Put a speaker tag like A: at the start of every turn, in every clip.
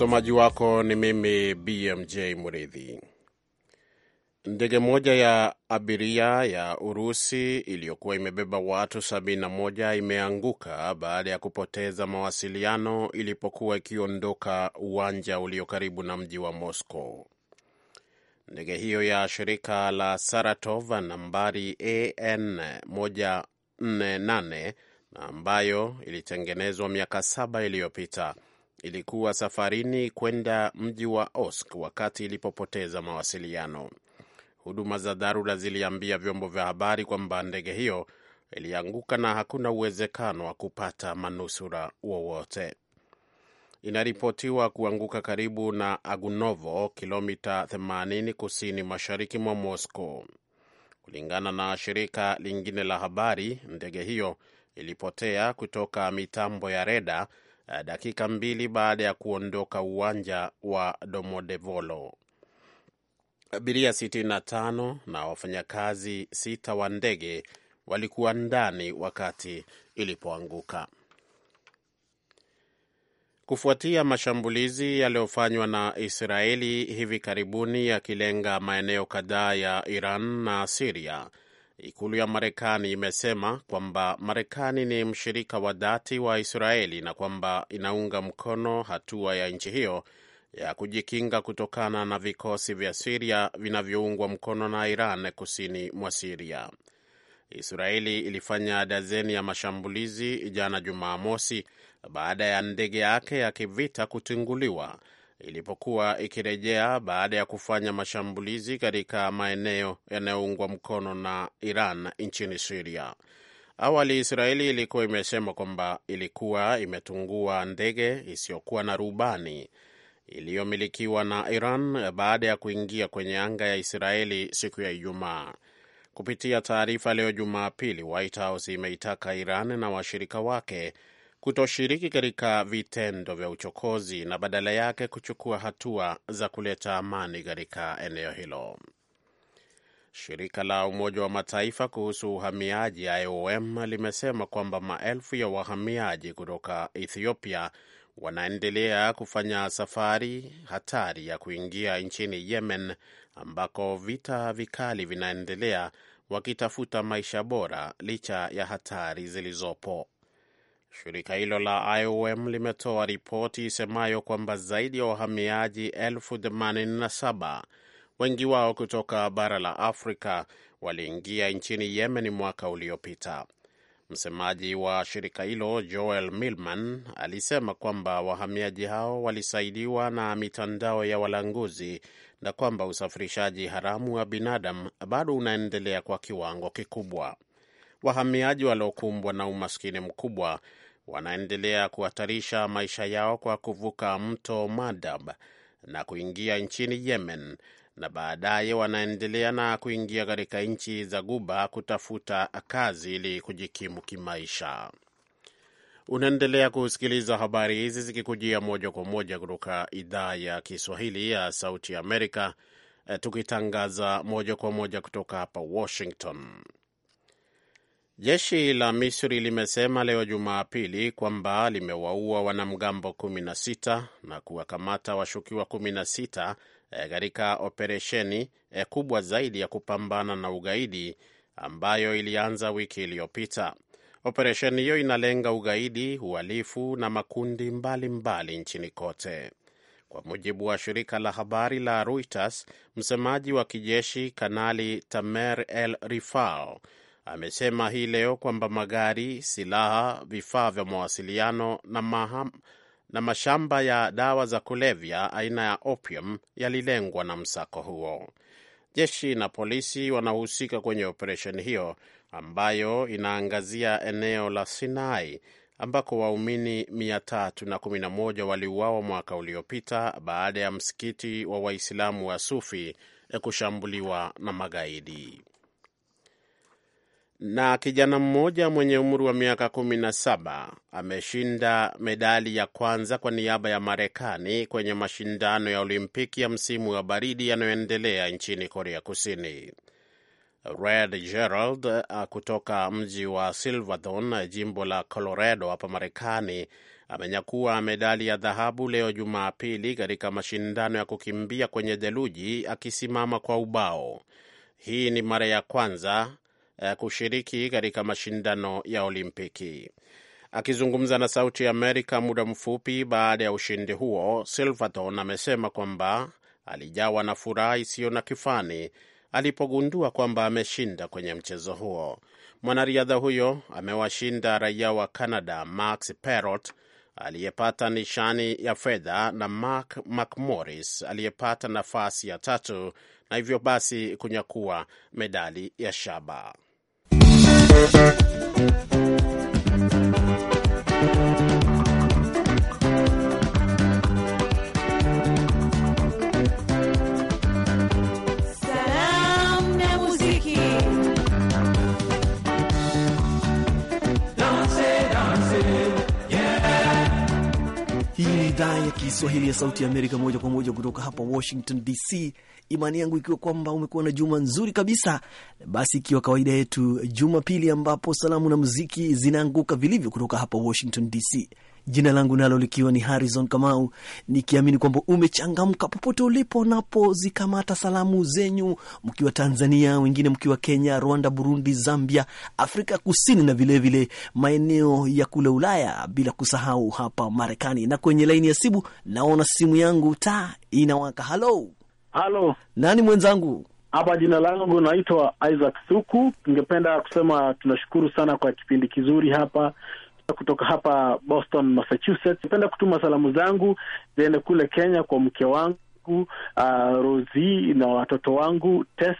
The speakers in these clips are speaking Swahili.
A: Msomaji wako ni mimi BMJ mridhi Ndege moja ya abiria ya Urusi iliyokuwa imebeba watu 71 imeanguka baada ya kupoteza mawasiliano ilipokuwa ikiondoka uwanja ulio karibu na mji wa Moscow. Ndege hiyo ya shirika la Saratov nambari AN 148 na ambayo ilitengenezwa miaka saba iliyopita ilikuwa safarini kwenda mji wa Osk wakati ilipopoteza mawasiliano. Huduma za dharura ziliambia vyombo vya habari kwamba ndege hiyo ilianguka na hakuna uwezekano wa kupata manusura wowote. Inaripotiwa kuanguka karibu na Agunovo, kilomita 80 kusini mashariki mwa Moscow. Kulingana na shirika lingine la habari, ndege hiyo ilipotea kutoka mitambo ya reda Eh, dakika mbili baada ya kuondoka uwanja wa Domodevolo. Abiria 65 na wafanyakazi sita wa ndege walikuwa ndani wakati ilipoanguka. Kufuatia mashambulizi yaliyofanywa na Israeli hivi karibuni yakilenga maeneo kadhaa ya Iran na Siria, Ikulu ya Marekani imesema kwamba Marekani ni mshirika wa dhati wa Israeli na kwamba inaunga mkono hatua ya nchi hiyo ya kujikinga kutokana na vikosi vya Siria vinavyoungwa mkono na Iran kusini mwa Siria. Israeli ilifanya dazeni ya mashambulizi jana Jumamosi baada ya ndege yake ya kivita kutunguliwa ilipokuwa ikirejea baada ya kufanya mashambulizi katika maeneo yanayoungwa mkono na Iran nchini Siria. Awali Israeli ilikuwa imesema kwamba ilikuwa imetungua ndege isiyokuwa na rubani iliyomilikiwa na Iran baada ya kuingia kwenye anga ya Israeli siku ya Ijumaa. Kupitia taarifa leo Jumapili, White House imeitaka Iran na washirika wake kutoshiriki katika vitendo vya uchokozi na badala yake kuchukua hatua za kuleta amani katika eneo hilo. Shirika la Umoja wa Mataifa kuhusu uhamiaji IOM limesema kwamba maelfu ya wahamiaji kutoka Ethiopia wanaendelea kufanya safari hatari ya kuingia nchini Yemen ambako vita vikali vinaendelea wakitafuta maisha bora licha ya hatari zilizopo. Shirika hilo la IOM limetoa ripoti isemayo kwamba zaidi ya wahamiaji 87 wengi wao kutoka bara la Afrika waliingia nchini Yemen mwaka uliopita. Msemaji wa shirika hilo Joel Milman alisema kwamba wahamiaji hao walisaidiwa na mitandao ya walanguzi na kwamba usafirishaji haramu wa binadamu bado unaendelea kwa kiwango kikubwa wahamiaji waliokumbwa na umaskini mkubwa wanaendelea kuhatarisha maisha yao kwa kuvuka mto Madab na kuingia nchini Yemen na baadaye wanaendelea na kuingia katika nchi za Guba kutafuta kazi ili kujikimu kimaisha. Unaendelea kusikiliza habari hizi zikikujia moja kwa moja kutoka idhaa ya Kiswahili ya Sauti ya Amerika, eh, tukitangaza moja kwa moja kutoka hapa Washington. Jeshi la Misri limesema leo Jumapili kwamba limewaua wanamgambo 16 na kuwakamata washukiwa 16 eh, katika operesheni eh, kubwa zaidi ya kupambana na ugaidi ambayo ilianza wiki iliyopita. Operesheni hiyo inalenga ugaidi, uhalifu na makundi mbalimbali mbali nchini kote. Kwa mujibu wa shirika la habari la Reuters, msemaji wa kijeshi Kanali Tamer El rifao amesema hii leo kwamba magari, silaha, vifaa vya mawasiliano na maham, na mashamba ya dawa za kulevya aina ya opium yalilengwa na msako huo. Jeshi na polisi wanahusika kwenye operesheni hiyo ambayo inaangazia eneo la Sinai ambako waumini 311 waliuawa mwaka uliopita baada ya msikiti wa Waislamu wa Sufi kushambuliwa na magaidi na kijana mmoja mwenye umri wa miaka kumi na saba ameshinda medali ya kwanza kwa niaba ya Marekani kwenye mashindano ya Olimpiki ya msimu wa baridi yanayoendelea nchini Korea Kusini. Red Gerald kutoka mji wa Silverton, jimbo la Colorado hapa Marekani, amenyakua medali ya dhahabu leo Jumapili katika mashindano ya kukimbia kwenye theluji akisimama kwa ubao. Hii ni mara ya kwanza Eh, kushiriki katika mashindano ya Olimpiki. Akizungumza na Sauti ya Amerika muda mfupi baada ya ushindi huo, Silverton amesema kwamba alijawa na furaha isiyo na kifani alipogundua kwamba ameshinda kwenye mchezo huo. Mwanariadha huyo amewashinda raia wa Canada Max Perot aliyepata nishani ya fedha na Mark McMorris aliyepata nafasi ya tatu na hivyo basi kunyakua medali ya shaba. Thank you.
B: Kiswahili ya Sauti ya Amerika moja kwa moja kutoka hapa Washington DC. Imani yangu ikiwa kwamba umekuwa na juma nzuri kabisa, basi ikiwa kawaida yetu Jumapili ambapo salamu na muziki zinaanguka vilivyo kutoka hapa Washington DC. Jina langu nalo likiwa ni Harrison Kamau, nikiamini kwamba umechangamka popote ulipo napozikamata salamu zenyu, mkiwa Tanzania, wengine mkiwa Kenya, Rwanda, Burundi, Zambia, Afrika Kusini na vilevile maeneo ya kule Ulaya, bila kusahau hapa Marekani. Na kwenye laini ya simu naona simu yangu taa inawaka. Halo, halo, nani mwenzangu? Hapa jina langu naitwa Isaac Suku. Ningependa kusema tunashukuru sana kwa kipindi kizuri hapa kutoka hapa Boston, Massachusetts. Napenda kutuma salamu zangu ziende kule Kenya kwa mke wangu uh, Rosi na watoto wangu Tess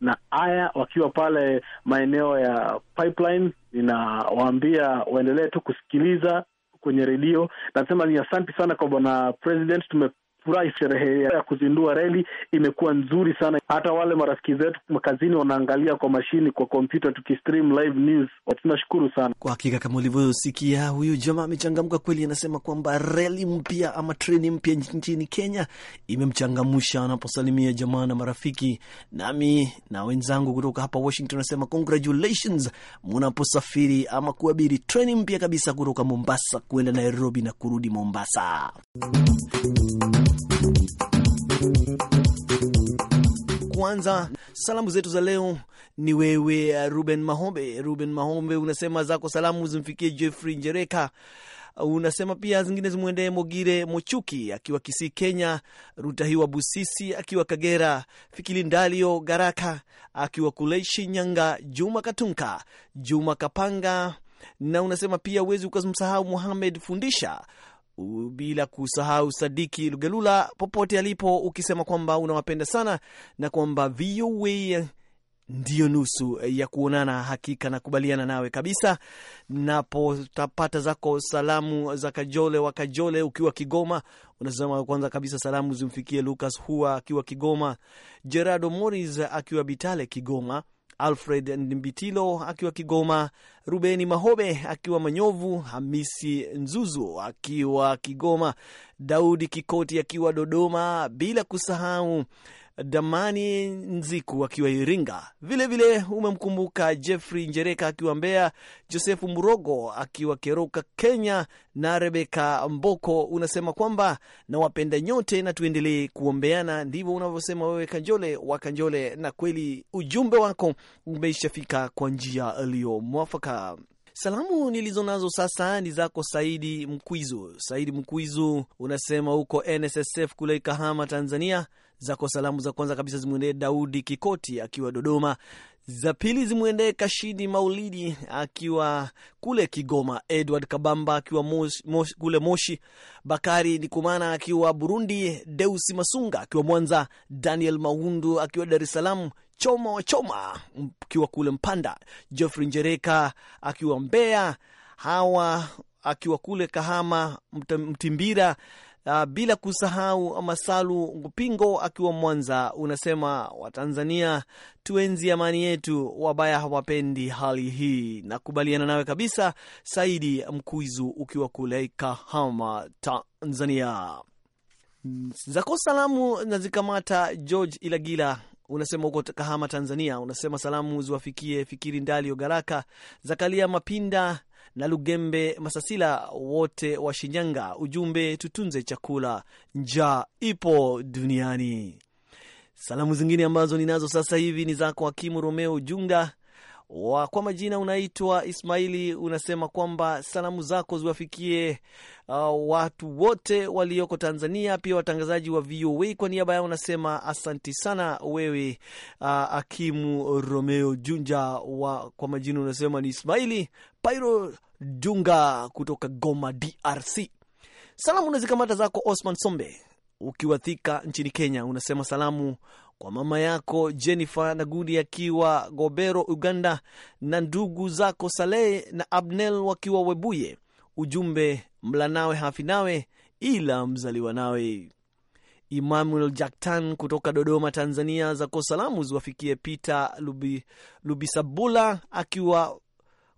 B: na Aya wakiwa pale maeneo ya Pipeline. Ninawaambia waendelee tu kusikiliza kwenye redio. Nasema ni asante sana kwa bwana president, tume Nimefurahi, sherehe ya kuzindua reli imekuwa nzuri sana. Hata wale marafiki zetu kazini wanaangalia kwa mashini, kwa kompyuta, tukistream live news. Tunashukuru sana kwa hakika. Kama ulivyosikia, huyu jamaa amechangamka kweli, anasema kwamba reli mpya ama treni mpya nchini Kenya imemchangamsha anaposalimia jamaa na marafiki. Nami na wenzangu kutoka hapa Washington nasema congratulations munaposafiri ama kuabiri treni mpya kabisa kutoka Mombasa kuenda Nairobi na kurudi Mombasa. kwanza salamu zetu za leo ni wewe eh, Ruben Mahombe. Ruben Mahombe unasema zako salamu zimfikie Jeffrey Njereka, uh, unasema pia zingine zimwendee Mogire Mochuki akiwa Kisii, Kenya, Rutahiwa Busisi akiwa Kagera, Fikili Ndalio Garaka akiwa kule Shinyanga, Juma Katunka, Juma Kapanga na unasema pia uwezi ukazimsahau Muhamed Fundisha bila kusahau Sadiki Lugelula popote alipo, ukisema kwamba unawapenda sana na kwamba VOA ndiyo nusu ya kuonana. Hakika nakubaliana nawe kabisa. Napotapata zako salamu za Kajole wa Kajole ukiwa Kigoma, unasema kwanza kabisa salamu zimfikie Lucas Hua akiwa Kigoma, Gerardo Moris akiwa Bitale Kigoma, Alfred Ndimbitilo akiwa Kigoma, Rubeni Mahobe akiwa Manyovu, Hamisi Nzuzu akiwa Kigoma, Daudi Kikoti akiwa Dodoma, bila kusahau Damani Nziku akiwa Iringa, vilevile umemkumbuka Jeffrey Njereka akiwa Mbeya, Josefu Murogo akiwa Keroka, Kenya na Rebeka Mboko. Unasema kwamba nawapenda nyote na tuendelee kuombeana, ndivyo unavyosema wewe Kanjole wa Kanjole, na kweli ujumbe wako umeishafika kwa njia mwafaka. Salamu nilizo nazo sasa ni zako Saidi Mkwizu. Saidi Mkwizu unasema huko NSSF kule Kahama, Tanzania zako salamu za kwanza kabisa zimwendee Daudi Kikoti akiwa Dodoma, za pili zimwendee Kashidi Maulidi akiwa kule Kigoma, Edward Kabamba akiwa mos, mos, kule Moshi, Bakari Nikumana akiwa Burundi, Deusi Masunga akiwa Mwanza, Daniel Maundu akiwa Dar es Salaam, Choma Choma akiwa kule Mpanda, Geoffrey Njereka akiwa Mbeya, Hawa akiwa kule Kahama, Mtimbira uh, bila kusahau Masalu Ngupingo akiwa Mwanza, unasema Watanzania tuenzi amani yetu, wabaya hawapendi hali hii. Nakubaliana nawe kabisa. Saidi Mkuizu ukiwa kule Kahama, Tanzania, zako salamu na zikamata. George Ilagila unasema huko Kahama Tanzania, unasema salamu ziwafikie Fikiri Ndali Ogaraka, Zakaria Mapinda na Lugembe Masasila wote wa Shinyanga. Ujumbe, tutunze chakula, njaa ipo duniani. Salamu zingine ambazo ninazo sasa hivi ni zako Hakimu Romeo Junga wa kwa majina unaitwa Ismaili, unasema kwamba salamu zako ziwafikie uh, watu wote walioko Tanzania, pia watangazaji wa VOA. Kwa niaba yao unasema asanti sana wewe, uh, Akimu Romeo Junja wa kwa majina unasema ni Ismaili Pairo Junga kutoka Goma, DRC. Salamu na zikamata zako Osman Sombe ukiwa Thika nchini Kenya, unasema salamu kwa mama yako Jennifer Gudi akiwa Gobero, Uganda, na ndugu zako Saleh na Abnel wakiwa Webuye. Ujumbe, mla nawe hafi nawe ila mzaliwa nawe. Emmanuel Jaktan kutoka Dodoma, Tanzania, zako salamu ziwafikie Peter Lubi, Lubisabula akiwa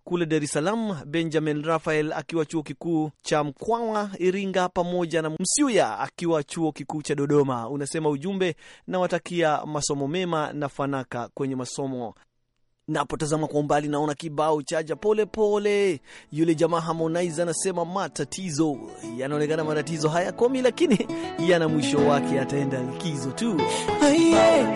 B: kule Dar es Salaam, Benjamin Rafael akiwa chuo kikuu cha Mkwawa Iringa, pamoja na Msuya akiwa chuo kikuu cha Dodoma. Unasema ujumbe, nawatakia masomo mema na fanaka kwenye masomo. Napotazama kwa umbali naona kibao chaja pole pole, yule jamaa Harmonize anasema matatizo yanaonekana, matatizo haya komi lakini yana mwisho wake, ataenda likizo tu.
C: Aye, aye.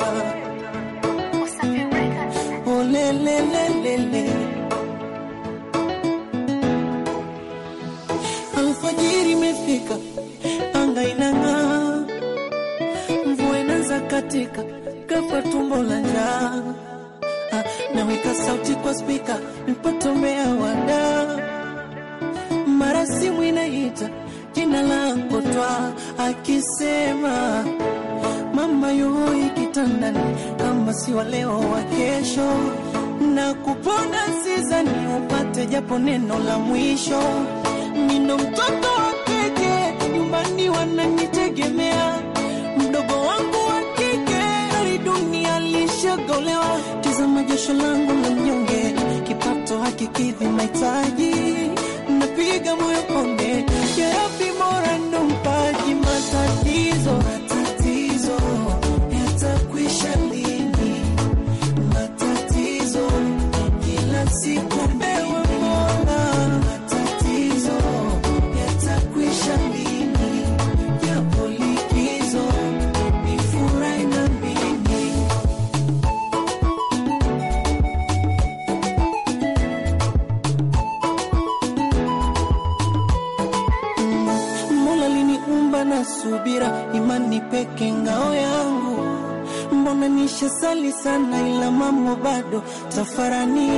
C: tafarani.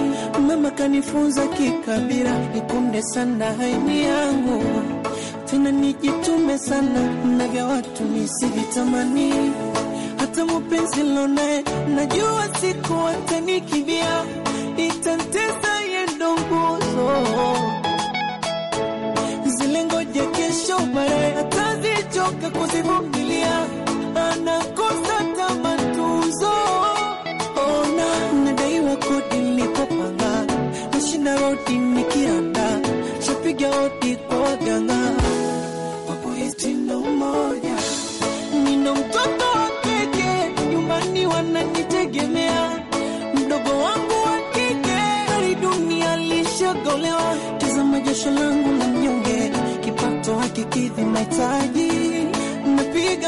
C: Mama kanifunza kikabila, nikunde sana haini yangu tena, nijitume sana na watu nisivitamani. Hata mupenzi lonaye najua siku watanikibia, itantesa yendo nguzo zile, ngoja kesho baraye atazichoka kuzivugia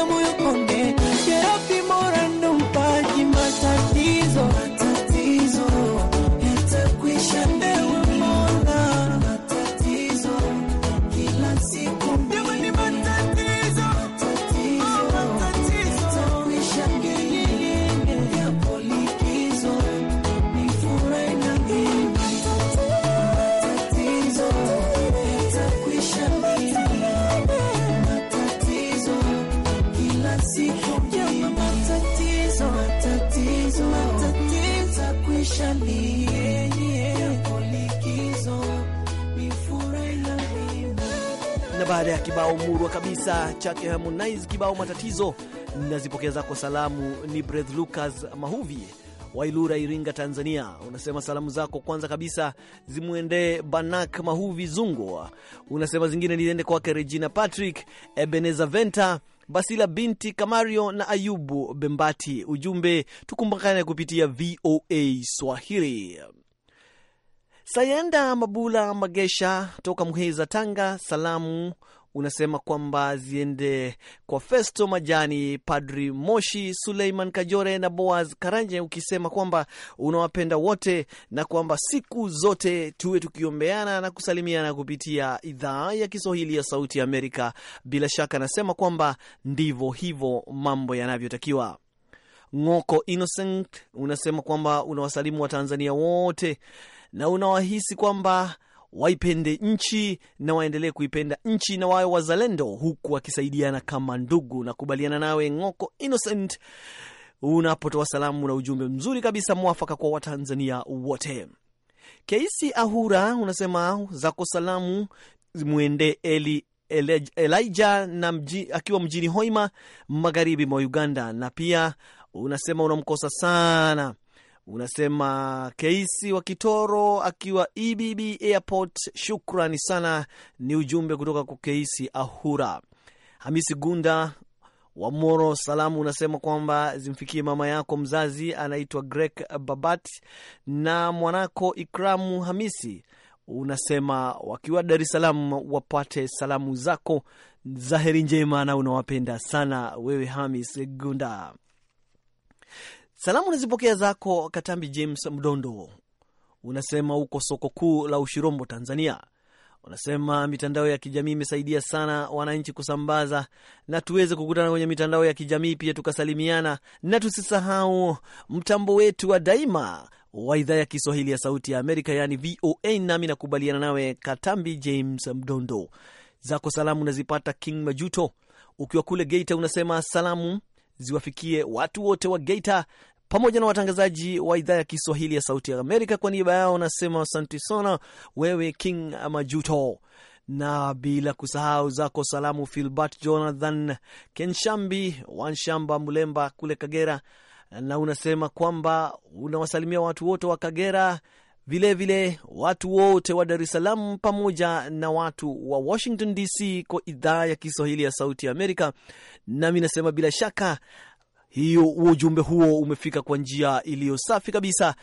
C: 不用碰。
B: baada ya kibao murwa kabisa chake Harmonize, kibao matatizo. Nazipokea zako salamu. Ni Breth Lucas Mahuvi Wailura, Iringa, Tanzania. Unasema salamu zako kwanza kabisa zimwendee Banak Mahuvi zungu Unasema zingine niende kwake Regina Patrick, Ebeneza Venta, Basila binti Kamario na Ayubu Bembati. Ujumbe tukumbukane kupitia VOA Swahili. Sayenda Mabula Magesha toka Muheza, Tanga, salamu unasema kwamba ziende kwa Festo Majani, Padri Moshi, Suleiman Kajore na Boaz Karanje, ukisema kwamba unawapenda wote na kwamba siku zote tuwe tukiombeana na kusalimiana kupitia idhaa ya Kiswahili ya Sauti Amerika. Bila shaka anasema kwamba ndivyo hivyo mambo yanavyotakiwa. Ng'oko Innocent unasema kwamba unawasalimu Watanzania wote na unawahisi kwamba waipende nchi na waendelee kuipenda nchi na wawe wazalendo, huku wakisaidiana kama ndugu. Nakubaliana nawe Ng'oko Innocent unapotoa salamu na ujumbe mzuri kabisa mwafaka kwa Watanzania wote. Keisi Ahura unasema zako salamu mwende Eli Elijah na mji, akiwa mjini Hoima magharibi mwa Uganda, na pia unasema unamkosa sana Unasema Keisi wa Kitoro akiwa EBB Airport, shukrani sana. Ni ujumbe kutoka kwa Keisi Ahura. Hamisi Gunda wa Moro, salamu unasema kwamba zimfikie mama yako mzazi anaitwa Grek Babat na mwanako Ikramu Hamisi, unasema wakiwa Dar es Salaam wapate salamu zako za heri njema na unawapenda sana wewe, Hamis Gunda. Salamu nazipokea zako Katambi James Mdondo, unasema huko soko kuu la Ushirombo, Tanzania. Unasema mitandao ya kijamii imesaidia sana wananchi kusambaza, na tuweze kukutana kwenye mitandao ya kijamii pia tukasalimiana, na tusisahau mtambo wetu wa daima wa idhaa ya Kiswahili ya Sauti ya Amerika, yaani VOA. Nami nakubaliana nawe Katambi James Mdondo. Zako salamu unazipata King Majuto ukiwa kule Geita, unasema salamu ziwafikie watu wote wa Geita pamoja na watangazaji wa idhaa ya Kiswahili ya Sauti ya Amerika. Kwa niaba yao nasema asante sana wewe King Majuto, na bila kusahau zako salamu Filbert Jonathan Kenshambi Wanshamba Mlemba kule Kagera, na unasema kwamba unawasalimia watu wote wa Kagera vilevile vile, watu wote wa Dar es Salaam pamoja na watu wa Washington DC kwa idhaa ya Kiswahili ya Sauti ya Amerika. Nami nasema bila shaka hiyo ujumbe huo umefika kwa njia iliyo safi kabisa,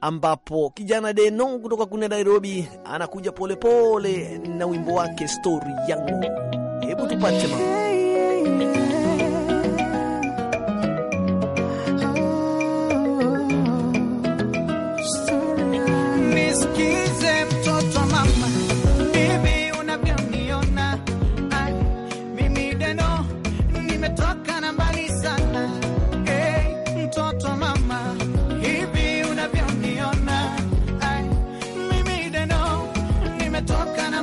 B: ambapo kijana deno kutoka kune Nairobi anakuja polepole pole na wimbo wake stori yangu. Hebu tupate
D: mambo nimetoka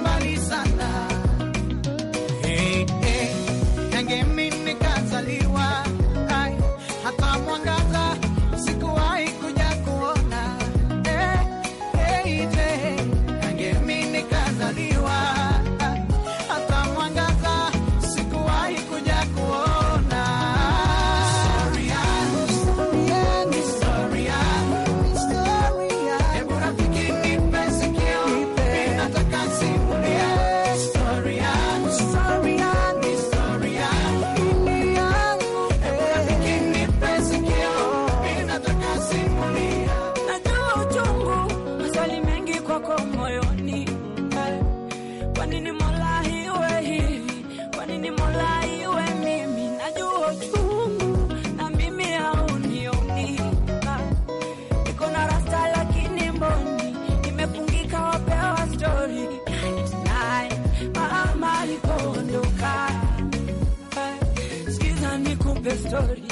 E: stori,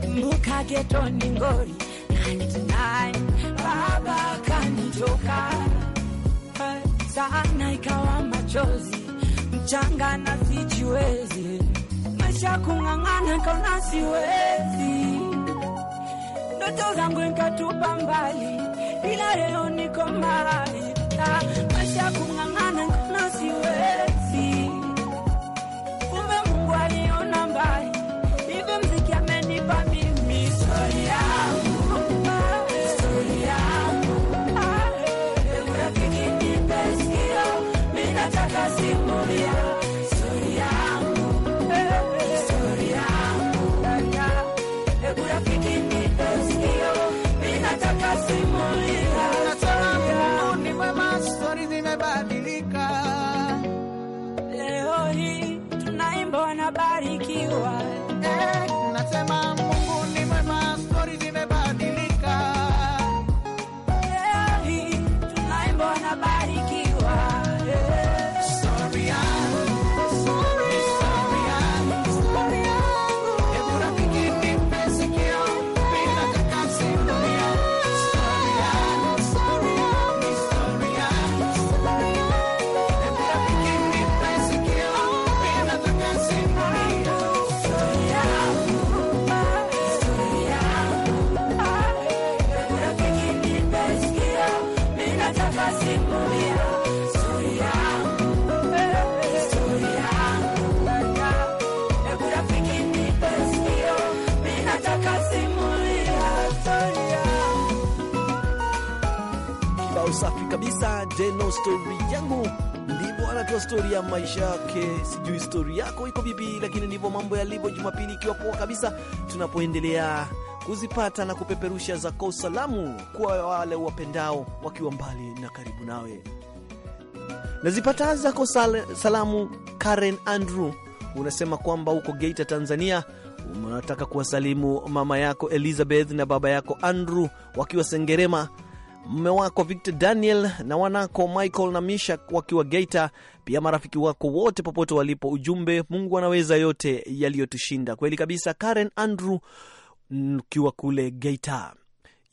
E: kumbuka getoni ngori, baba kanitoka sana, ikawa machozi mchanga na sijiwezi, maisha kung'ang'ana kaona siwezi, ndoto zangu nikatupa mbali, ila leo niko mahali
B: safi kabisa. Jeno, stori yangu ndivyo anatoa stori ya maisha yake. Sijui stori yako iko vipi, lakini ndivyo mambo yalivyo. Jumapili ikiwa poa kabisa, tunapoendelea kuzipata na kupeperusha zako salamu kwa wale wapendao wakiwa mbali na karibu nawe. Nazipata zako sal salamu. Karen Andrew unasema kwamba huko Geita, Tanzania unataka kuwasalimu mama yako Elizabeth na baba yako Andrew wakiwa Sengerema mme wako Victor Daniel na wanako Michael na Misha wakiwa Geita, pia marafiki wako wote popote walipo. Ujumbe, Mungu anaweza yote yaliyotushinda. Kweli kabisa. Karen Andrew mm, ukiwa kule Geita.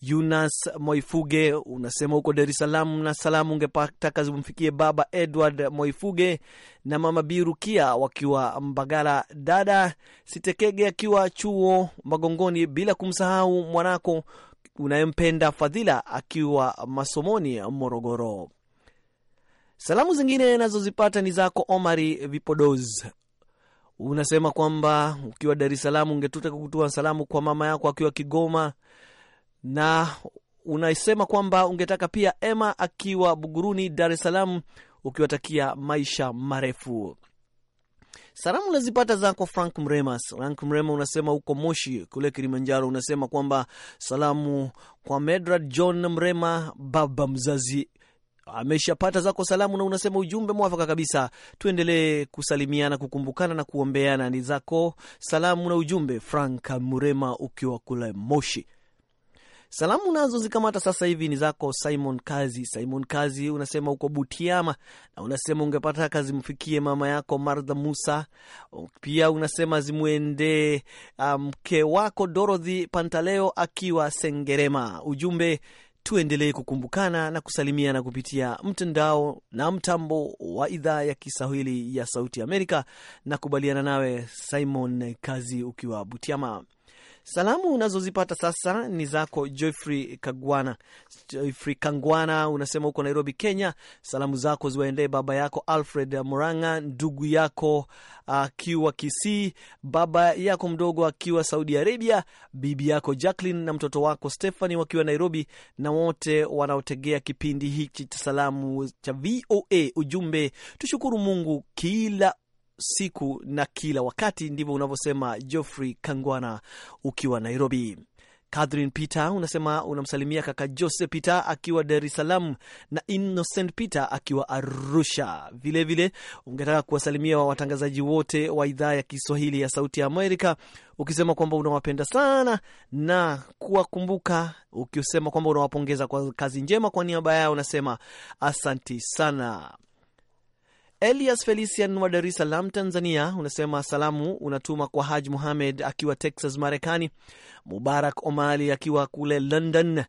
B: Yunas Moifuge unasema huko Dar es Salaam na salamu kazi zimfikie baba Edward Moifuge na mama Birukia wakiwa Mbagala, dada Sitekege akiwa chuo Magongoni, bila kumsahau mwanako unayempenda Fadhila akiwa masomoni Morogoro. Salamu zingine nazozipata ni zako Omari Vipodoz, unasema kwamba ukiwa Dar es Salaam ungetutaka kutua salamu kwa mama yako akiwa Kigoma, na unasema kwamba ungetaka pia Ema akiwa Buguruni, Dar es Salaam, ukiwatakia maisha marefu. Salamu nazipata zako Frank Mrema. Frank Mrema unasema huko Moshi kule Kilimanjaro, unasema kwamba salamu kwa Medrad John Mrema, baba mzazi ameshapata zako salamu, na unasema ujumbe mwafaka kabisa, tuendelee kusalimiana, kukumbukana na kuombeana. Ni zako salamu na ujumbe, Frank Mrema, ukiwa kule Moshi. Salamu nazo zikamata sasa hivi ni zako Simon Kazi. Simon Kazi, unasema uko Butiama na unasema ungepata kazi mfikie mama yako Martha Musa, pia unasema zimwendee ah, mke um, wako Dorothy Pantaleo akiwa Sengerema. Ujumbe, tuendelee kukumbukana na kusalimiana kupitia mtandao na mtambo wa idhaa ya Kiswahili ya Sauti Amerika. Nakubaliana nawe Simon Kazi ukiwa Butiama. Salamu unazozipata sasa ni zako jofr Kagwana. Joffrey Kangwana unasema huko Nairobi, Kenya. Salamu zako ziwaendee baba yako Alfred Muranga, ndugu yako akiwa Kisii, baba yako mdogo akiwa Saudi Arabia, bibi yako Jacqueline na mtoto wako Stephani wakiwa Nairobi, na wote wanaotegea kipindi hiki cha salamu cha VOA. Ujumbe, tushukuru Mungu kila siku na kila wakati. Ndivyo unavyosema Geoffrey Kangwana ukiwa Nairobi. Catherine Peter unasema unamsalimia kaka Jose Peter akiwa Dar es Salaam na Innocent Peter akiwa Arusha. Vilevile ungetaka kuwasalimia watangazaji wote wa idhaa ya Kiswahili ya Sauti ya Amerika, ukisema kwamba unawapenda sana na kuwakumbuka, ukisema kwamba unawapongeza kwa kazi njema. Kwa niaba yao unasema asanti sana. Elias Felician wa Dar es Salaam, Tanzania, unasema salamu unatuma kwa Haji Muhamed akiwa Texas, Marekani, Mubarak Omali akiwa kule London,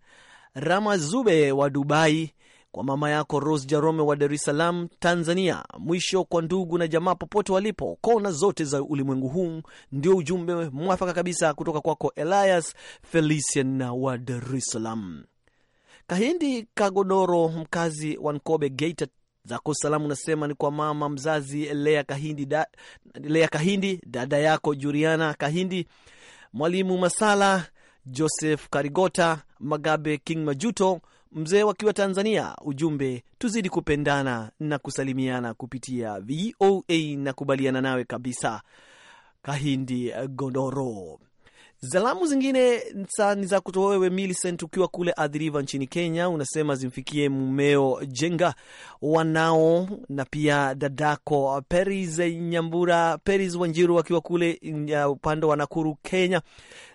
B: Rama Zube wa Dubai, kwa mama yako Rose Jarome wa Dar es Salaam, Tanzania. Mwisho kwa ndugu na jamaa popote walipo kona zote za ulimwengu huu. Ndio ujumbe mwafaka kabisa kutoka kwako Elias Felician wa Dar es Salaam. Kahindi Kagodoro, mkazi wa Nkobe, Geita, zako salamu nasema ni kwa mama mzazi Lea Kahindi, da, Lea Kahindi, dada yako Juliana Kahindi, mwalimu Masala, Joseph Karigota, Magabe King Majuto, mzee wakiwa Tanzania. Ujumbe, tuzidi kupendana na kusalimiana kupitia VOA na kubaliana nawe kabisa, Kahindi Gondoro. Salamu zingine ni za kutowewe wewe, ukiwa kule Adhiriva nchini Kenya. Unasema zimfikie mumeo Jenga, wanao na pia dadako Peris Nyambura, Peris Wanjiru akiwa kule uh, upande wa Nakuru, Kenya.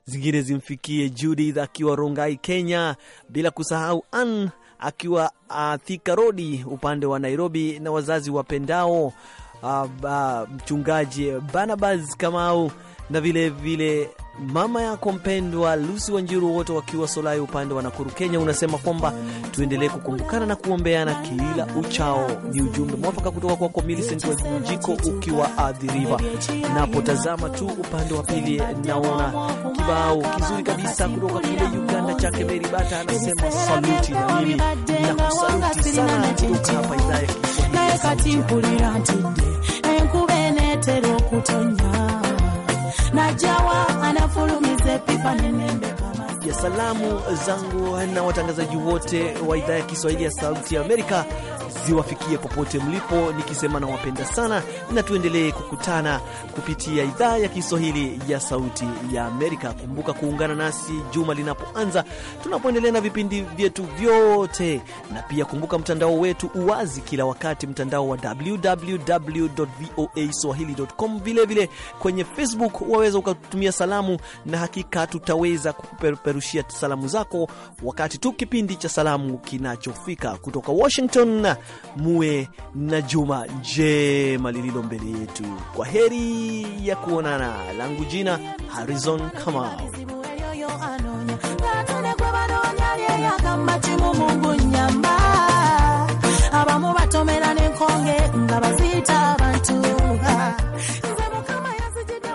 B: Zingine zimfikie Judith akiwa Rongai, Kenya, bila kusahau Ann akiwa uh, Thika Rodi upande wa Nairobi, na wazazi wapendao uh, uh, mchungaji Barnabas Kamau na vilevile mama yako mpendwa Lusi Wanjiru, wote wakiwa Solai upande wa Nakuru, Kenya. Unasema kwamba tuendelee kukumbukana na kuombeana kila uchao. Ni ujumbe mwafaka kutoka kwako Milicent Wanjiko ukiwa adhiriva. Napotazama tu upande wa pili, naona kibao kizuri kabisa kutoka kule Uganda chake Meri Bata, anasema saluti na mimi na kusaluti sana kutoka hapa idhaa ya
D: Kiswahili
C: ya salamu
B: zangu na watangazaji wote wa idhaa ya Kiswahili ya Sauti ya Amerika ziwafikie popote mlipo, nikisema nawapenda sana, na tuendelee kukutana kupitia idhaa ya Kiswahili ya Sauti ya Amerika. Kumbuka kuungana nasi juma linapoanza, tunapoendelea na vipindi vyetu vyote, na pia kumbuka mtandao wetu uwazi kila wakati, mtandao wa www.voaswahili.com. Vilevile kwenye Facebook waweza ukatumia salamu, na hakika tutaweza kukupeperushia salamu zako wakati tu kipindi cha salamu kinachofika kutoka Washington muwe na juma njema lililo mbele yetu. Kwa heri ya kuonana, langu jina Harrison Kamau.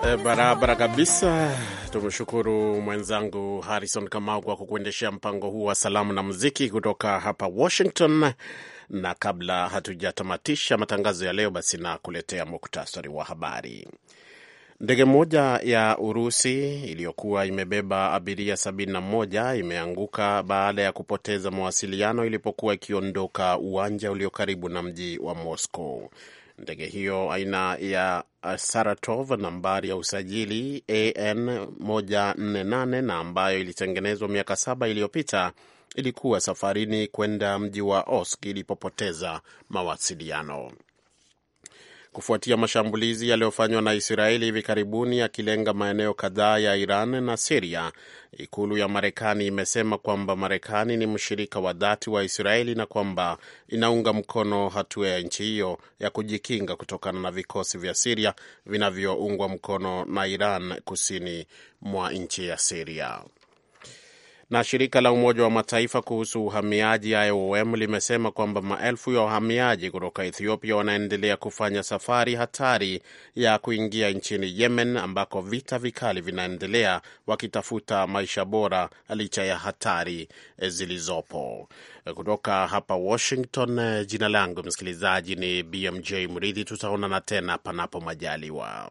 A: Eh, barabara kabisa. Tumshukuru mwenzangu Harrison Kamau kwa kukuendeshea mpango huu wa salamu na muziki kutoka hapa Washington na kabla hatujatamatisha matangazo ya leo, basi na kuletea muktasari wa habari. Ndege moja ya Urusi iliyokuwa imebeba abiria 71 imeanguka baada ya kupoteza mawasiliano ilipokuwa ikiondoka uwanja ulio karibu na mji wa Moscow. Ndege hiyo aina ya Saratov, nambari ya usajili AN 148 na ambayo ilitengenezwa miaka saba iliyopita ilikuwa safarini kwenda mji wa Osk ilipopoteza mawasiliano kufuatia mashambulizi yaliyofanywa na Israeli hivi karibuni yakilenga maeneo kadhaa ya Iran na Siria. Ikulu ya Marekani imesema kwamba Marekani ni mshirika wa dhati wa Israeli na kwamba inaunga mkono hatua ya nchi hiyo ya kujikinga kutokana na vikosi vya Siria vinavyoungwa mkono na Iran kusini mwa nchi ya Siria. Na shirika la Umoja wa Mataifa kuhusu uhamiaji IOM limesema kwamba maelfu ya wahamiaji kutoka Ethiopia wanaendelea kufanya safari hatari ya kuingia nchini Yemen ambako vita vikali vinaendelea wakitafuta maisha bora licha ya hatari zilizopo. Kutoka hapa Washington, jina langu msikilizaji ni BMJ Mridhi. Tutaonana tena panapo majaliwa.